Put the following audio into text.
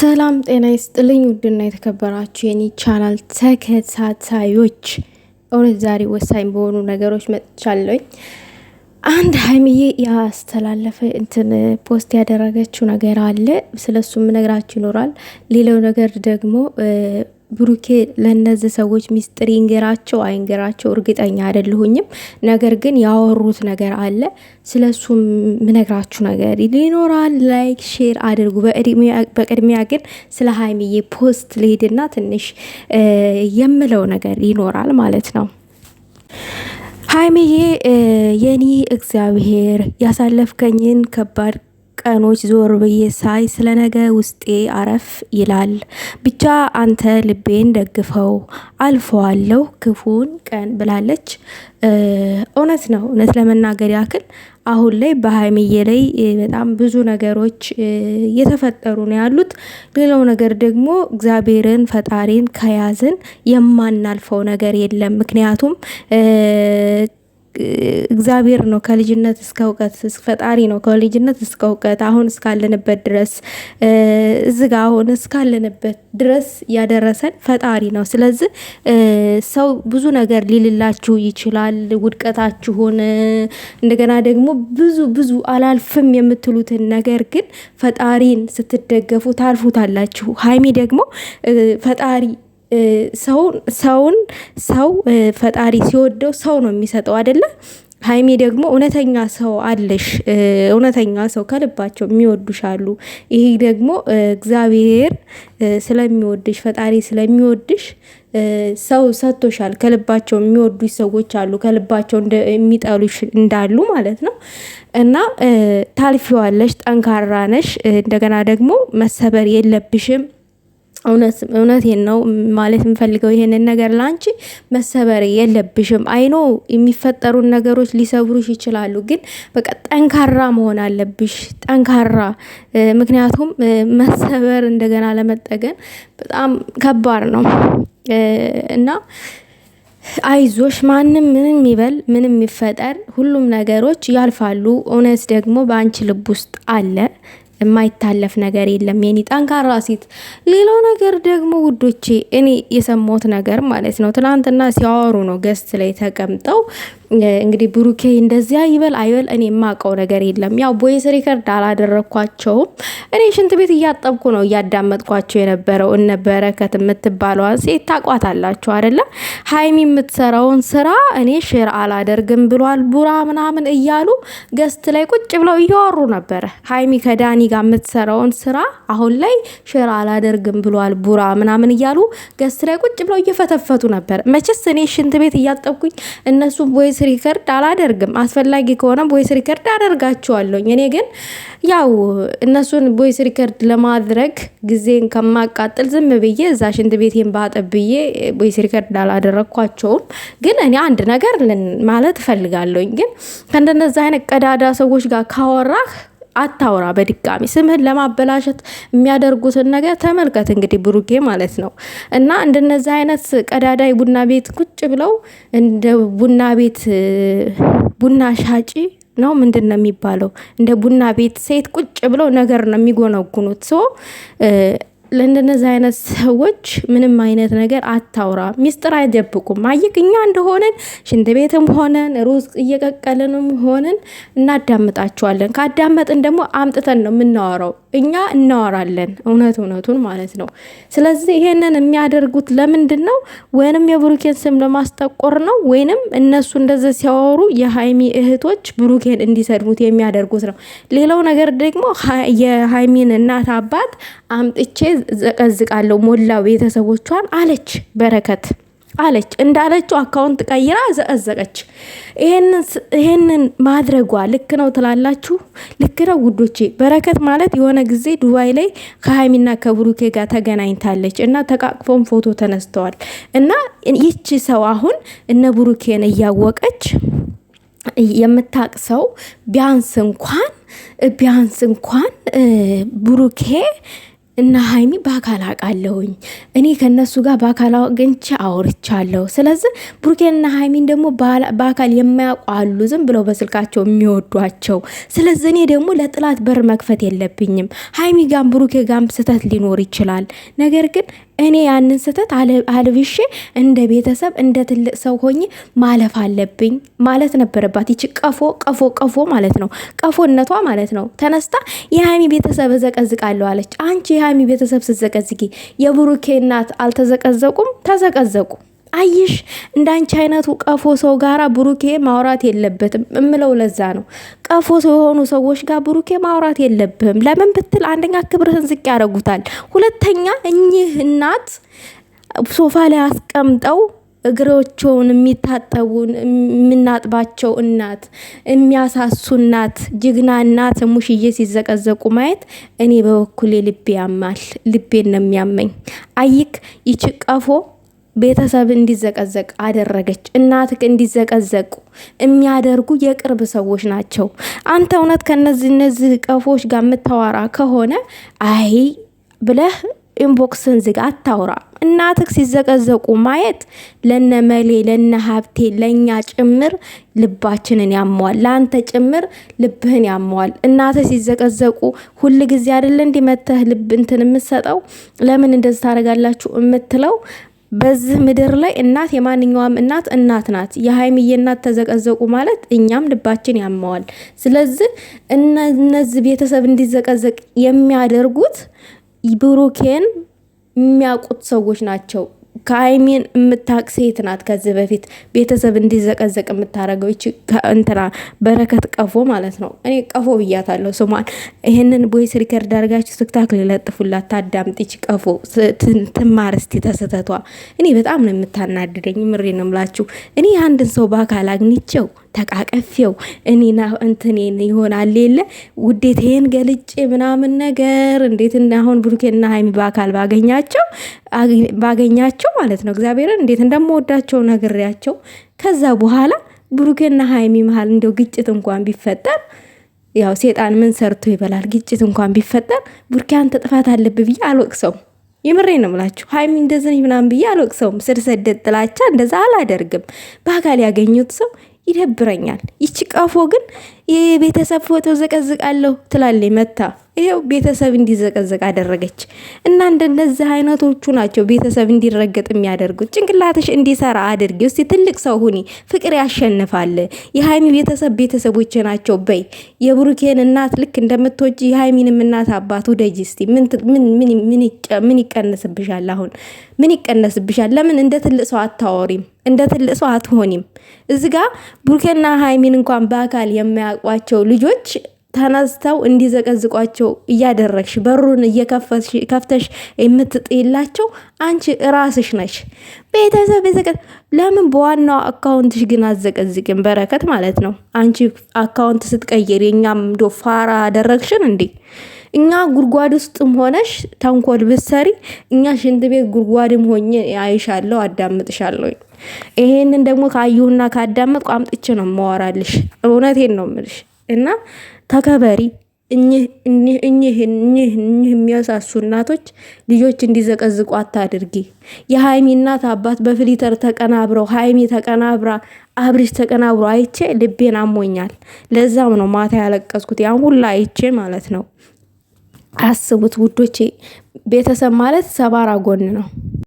ሰላም ጤና ይስጥልኝ። ውድና የተከበራችሁ የኔ ቻናል ተከታታዮች፣ እውነት ዛሬ ወሳኝ በሆኑ ነገሮች መጥቻለኝ። አንድ ሀይሚዬ ያስተላለፈ እንትን ፖስት ያደረገችው ነገር አለ። ስለሱ ምነግራችሁ ይኖራል። ሌላው ነገር ደግሞ ብሩኬ ለእነዚህ ሰዎች ሚስጥር ይንገራቸው አይንገራቸው እርግጠኛ አይደለሁኝም። ነገር ግን ያወሩት ነገር አለ። ስለ እሱ ምነግራችሁ ነገር ሊኖራል። ላይክ ሼር አድርጉ። በቅድሚያ ግን ስለ ሀይሚዬ ፖስት ልሂድና ትንሽ የምለው ነገር ይኖራል ማለት ነው። ሀይሚዬ የኔ እግዚአብሔር ያሳለፍከኝን ከባድ ቀኖች ዞር ብዬ ሳይ ስለ ነገ ውስጤ አረፍ ይላል። ብቻ አንተ ልቤን ደግፈው አልፈዋለሁ ክፉን ቀን ብላለች። እውነት ነው። እውነት ለመናገር ያክል አሁን ላይ በሀይሚዬ ላይ በጣም ብዙ ነገሮች እየተፈጠሩ ነው ያሉት። ሌላው ነገር ደግሞ እግዚአብሔርን ፈጣሪን ከያዝን የማናልፈው ነገር የለም። ምክንያቱም እግዚአብሔር ነው ከልጅነት እስከ እውቀት ፈጣሪ ነው ከልጅነት እስከ እውቀት አሁን እስካለንበት ድረስ እዚ አሁን እስካለንበት ድረስ ያደረሰን ፈጣሪ ነው። ስለዚህ ሰው ብዙ ነገር ሊልላችሁ ይችላል። ውድቀታችሁን እንደገና ደግሞ ብዙ ብዙ አላልፍም የምትሉትን ነገር ግን ፈጣሪን ስትደገፉ ታልፉታላችሁ። ሀይሚ ደግሞ ፈጣሪ ሰውን ሰው ፈጣሪ ሲወደው ሰው ነው የሚሰጠው አይደለ? ሀይሜ ደግሞ እውነተኛ ሰው አለሽ፣ እውነተኛ ሰው ከልባቸው የሚወዱሽ አሉ። ይሄ ደግሞ እግዚአብሔር ስለሚወድሽ ፈጣሪ ስለሚወድሽ ሰው ሰጥቶሻል። ከልባቸው የሚወዱሽ ሰዎች አሉ፣ ከልባቸው የሚጠሉሽ እንዳሉ ማለት ነው። እና ታልፊዋለሽ፣ ጠንካራ ነሽ። እንደገና ደግሞ መሰበር የለብሽም። እውነቴን ነው ማለት የምፈልገው ይሄንን ነገር ለአንቺ መሰበር የለብሽም። አይኖ የሚፈጠሩን ነገሮች ሊሰብሩሽ ይችላሉ፣ ግን በቃ ጠንካራ መሆን አለብሽ። ጠንካራ ምክንያቱም መሰበር እንደገና ለመጠገን በጣም ከባድ ነው እና አይዞሽ ማንም ምንም ይበል ምንም ይፈጠር፣ ሁሉም ነገሮች ያልፋሉ። እውነት ደግሞ በአንቺ ልብ ውስጥ አለ። የማይታለፍ ነገር የለም። የኔ ጠንካራ ሴት። ሌላው ነገር ደግሞ ውዶቼ፣ እኔ የሰማሁት ነገር ማለት ነው ትናንትና ሲያወሩ ነው ገስት ላይ ተቀምጠው እንግዲህ ብሩኬ እንደዚያ ይበል አይበል እኔ የማውቀው ነገር የለም። ያው ቦይስ ሪከርድ አላደረግኳቸውም። እኔ ሽንት ቤት እያጠብኩ ነው እያዳመጥኳቸው የነበረው። እነ በረከት የምትባለዋን ሴት ታቋታላችሁ አይደለም? ሀይሚ የምትሰራውን ስራ እኔ ሼር አላደርግም ብሏል ቡራ ምናምን እያሉ ገስት ላይ ቁጭ ብለው እያወሩ ነበረ። ሀይሚ ከዳኒ ጋር የምትሰራውን ስራ አሁን ላይ ሼር አላደርግም ብሏል ቡራ ምናምን እያሉ ገስት ላይ ቁጭ ብለው እየፈተፈቱ ነበር። መቼስ እኔ ሽንት ቤት እያጠብኩኝ እነሱ ቦይስ ቮይስ ሪከርድ አላደርግም። አስፈላጊ ከሆነ ቮይስ ሪከርድ አደርጋችኋለሁ። እኔ ግን ያው እነሱን ቮይስ ሪከርድ ለማድረግ ጊዜን ከማቃጠል ዝም ብዬ እዛ ሽንት ቤቴን ባጠብ ብዬ ቮይስ ሪከርድ አላደረግኳቸውም። ግን እኔ አንድ ነገር ማለት እፈልጋለሁኝ። ግን ከእንደነዚ አይነት ቀዳዳ ሰዎች ጋር ካወራህ አታውራ በድጋሚ ስምህን ለማበላሸት የሚያደርጉትን ነገር ተመልከት። እንግዲህ ብሩኬ ማለት ነው እና እንደነዚህ አይነት ቀዳዳይ ቡና ቤት ቁጭ ብለው እንደ ቡና ቤት ቡና ሻጪ ነው ምንድን ነው የሚባለው? እንደ ቡና ቤት ሴት ቁጭ ብለው ነገር ነው የሚጎነጉኑት ሶ ለእንደነዚህ አይነት ሰዎች ምንም አይነት ነገር አታውራ። ሚስጥር አይደብቁም። አየክ እኛ እንደሆነን ሽንት ቤትም ሆነን ሩዝ እየቀቀልንም ሆነን እናዳምጣቸዋለን። ካዳመጥን ደግሞ አምጥተን ነው የምናወራው። እኛ እናወራለን፣ እውነት እውነቱን ማለት ነው። ስለዚህ ይሄንን የሚያደርጉት ለምንድን ነው? ወይንም የብሩኬን ስም ለማስጠቆር ነው፣ ወይንም እነሱ እንደዚህ ሲያወሩ የሀይሚ እህቶች ብሩኬን እንዲሰድቡት የሚያደርጉት ነው። ሌላው ነገር ደግሞ የሀይሚን እናት አባት አምጥቼ ዘቀዝቃለሁ ሞላ ቤተሰቦቿን አለች በረከት አለች እንዳለችው አካውንት ቀይራ ዘቀዘቀች። ይሄንን ማድረጓ ልክ ነው ትላላችሁ? ልክ ነው ውዶቼ። በረከት ማለት የሆነ ጊዜ ዱባይ ላይ ከሀይሚና ከብሩኬ ጋር ተገናኝታለች እና ተቃቅፎም ፎቶ ተነስተዋል እና ይቺ ሰው አሁን እነ ብሩኬን እያወቀች የምታቅ ሰው ቢያንስ እንኳን ቢያንስ እንኳን ብሩኬ እና ሀይሚ በአካል አውቃለሁኝ እኔ ከነሱ ጋር በአካል አግኝቼ አውርቻለሁ። ስለዚህ ብሩኬንና ሀይሚን ደግሞ በአካል የማያውቁ አሉ፣ ዝም ብለው በስልካቸው የሚወዷቸው። ስለዚህ እኔ ደግሞ ለጥላት በር መክፈት የለብኝም። ሀይሚ ጋም ብሩኬ ጋም ስህተት ሊኖር ይችላል፣ ነገር ግን እኔ ያንን ስህተት አልብሼ እንደ ቤተሰብ እንደ ትልቅ ሰው ሆኜ ማለፍ አለብኝ ማለት ነበረባት። ይቺ ቀፎ ቀፎ ቀፎ ማለት ነው፣ ቀፎነቷ ማለት ነው። ተነስታ የሀሚ ቤተሰብ እዘቀዝቃለሁ አለች። አንቺ የሀሚ ቤተሰብ ስትዘቀዝጊ የብሩኬ እናት አልተዘቀዘቁም? ተዘቀዘቁ። አይሽ እንዳንቺ አይነቱ ቀፎ ሰው ጋር ብሩኬ ማውራት የለበትም እምለው ለዛ ነው። ቀፎ ሰው የሆኑ ሰዎች ጋር ብሩኬ ማውራት የለብህም። ለምን ብትል አንደኛ ክብርህን ዝቅ ያደርጉታል፣ ሁለተኛ እኚህ እናት ሶፋ ላይ አስቀምጠው እግሮቸውን የሚታጠቡን የምናጥባቸው እናት የሚያሳሱ እናት ጅግና እናት ሙሽዬ ሲዘቀዘቁ ማየት እኔ በበኩሌ ልቤ ያማል። ልቤን ነው የሚያመኝ። አይክ ይችቀፎ ቤተሰብ እንዲዘቀዘቅ አደረገች። እናትህ እንዲዘቀዘቁ የሚያደርጉ የቅርብ ሰዎች ናቸው። አንተ እውነት ከነዚህ እነዚህ ቀፎች ጋር የምታወራ ከሆነ አይ ብለህ ኢንቦክስን ዝግ፣ አታውራ። እናትህ ሲዘቀዘቁ ማየት ለነ መሌ ለነ ሀብቴ ለእኛ ጭምር ልባችንን ያመዋል፣ ለአንተ ጭምር ልብህን ያመዋል። እናትህ ሲዘቀዘቁ ሁል ጊዜ አይደለ እንዲመተህ ልብ እንትን የምትሰጠው ለምን እንደዚህ ታደርጋላችሁ የምትለው በዚህ ምድር ላይ እናት የማንኛውም እናት እናት ናት። የሀይሚዬ እናት ተዘቀዘቁ ማለት እኛም ልባችን ያመዋል። ስለዚህ እነዚህ ቤተሰብ እንዲዘቀዘቅ የሚያደርጉት ብሩኬን የሚያውቁት ሰዎች ናቸው። ከሀይሚን የምታቅ ሴት ናት። ከዚህ በፊት ቤተሰብ እንዲዘቀዘቅ የምታደረገው ይች እንትና በረከት ቀፎ ማለት ነው። እኔ ቀፎ ብያታለሁ ስሟን። ይህንን ቦይስ ሪከርድ አድርጋችሁ ስክታክ ሊለጥፉላት ታዳምጥ። ይች ቀፎ ትማር እስቲ ተስተቷ። እኔ በጣም ነው የምታናድደኝ። ምሬ ነው የምላችሁ። እኔ አንድን ሰው በአካል አግኝቼው ተቃቀፌው እኔና እንትኔን ይሆናል የለ ውዴቴን ገልጬ ምናምን ነገር እንዴት አሁን ብሩኬና ሀይሚ በአካል ባገኛቸው ባገኛቸው ማለት ነው እግዚአብሔርን እንዴት እንደምወዳቸው ነግሬያቸው ከዛ በኋላ ብሩኬና ሀይሚ መሀል እንደው ግጭት እንኳን ቢፈጠር ያው ሴጣን ምን ሰርቶ ይበላል። ግጭት እንኳን ቢፈጠር ቡርኬ አንተ ጥፋት አለብህ ብዬ አልወቅሰው። የምሬ ነው ምላችሁ ሀይሚ እንደዚህ ምናምን ብዬ አልወቅሰውም። ስር ሰደድ ጥላቻ እንደዛ አላደርግም። በአካል ያገኙት ሰው ይደብረኛል። ይቺ ቀፎ ግን ይህ ቤተሰብ ፎቶ ዘቀዝቃለሁ ትላለች መታ። ይኸው ቤተሰብ እንዲዘቀዘቅ አደረገች እና እንደነዚህ አይነቶቹ ናቸው ቤተሰብ እንዲረገጥ የሚያደርጉት። ጭንቅላትሽ እንዲሰራ አድርጊ። እስቲ ትልቅ ሰው ሁኒ። ፍቅር ያሸንፋል። የሀይሚ ቤተሰብ ቤተሰቦች ናቸው በይ። የብሩኬን እናት ልክ እንደምትወጪ የሀይሚንም እናት አባት ውደጂ። እስቲ ምን ይቀነስብሻል? አሁን ምን ይቀነስብሻል? ለምን እንደ ትልቅ ሰው አታወሪም? እንደ ትልቅ ሰው አትሆኒም? እዚ ጋ ብሩኬና ሀይሚን እንኳን በአካል የማያውቁ የሚያውቋቸው ልጆች ተነስተው እንዲዘቀዝቋቸው እያደረግሽ በሩን እየከፍተሽ የምትጥላቸው አንቺ ራስሽ ነሽ። ቤተሰብ ለምን በዋናው አካውንትሽ ግን አዘቀዝቅም? በረከት ማለት ነው። አንቺ አካውንት ስትቀይር የኛም ዶ ፋራ አደረግሽን እንዴ? እኛ ጉድጓድ ውስጥም ሆነሽ ተንኮል ብሰሪ፣ እኛ ሽንት ቤት ጉድጓድም ሆኜ አይሻለሁ፣ አዳምጥሻለሁኝ። ይሄንን ደግሞ ካየሁና ካዳመጥኩ አምጥቼ ነው የማወራልሽ። እውነቴን ነው የምልሽ። እና ተከበሪ። እኚህ የሚያሳሱ እናቶች ልጆች እንዲዘቀዝቁ አታድርጊ። የሀይሚ እናት አባት በፍሊተር ተቀናብረው ሀይሚ ተቀናብራ አብሪሽ ተቀናብሮ አይቼ ልቤን አሞኛል። ለዛም ነው ማታ ያለቀስኩት ያን ሁላ አይቼ ማለት ነው። አስቡት ውዶቼ፣ ቤተሰብ ማለት ሰባራ ጎን ነው።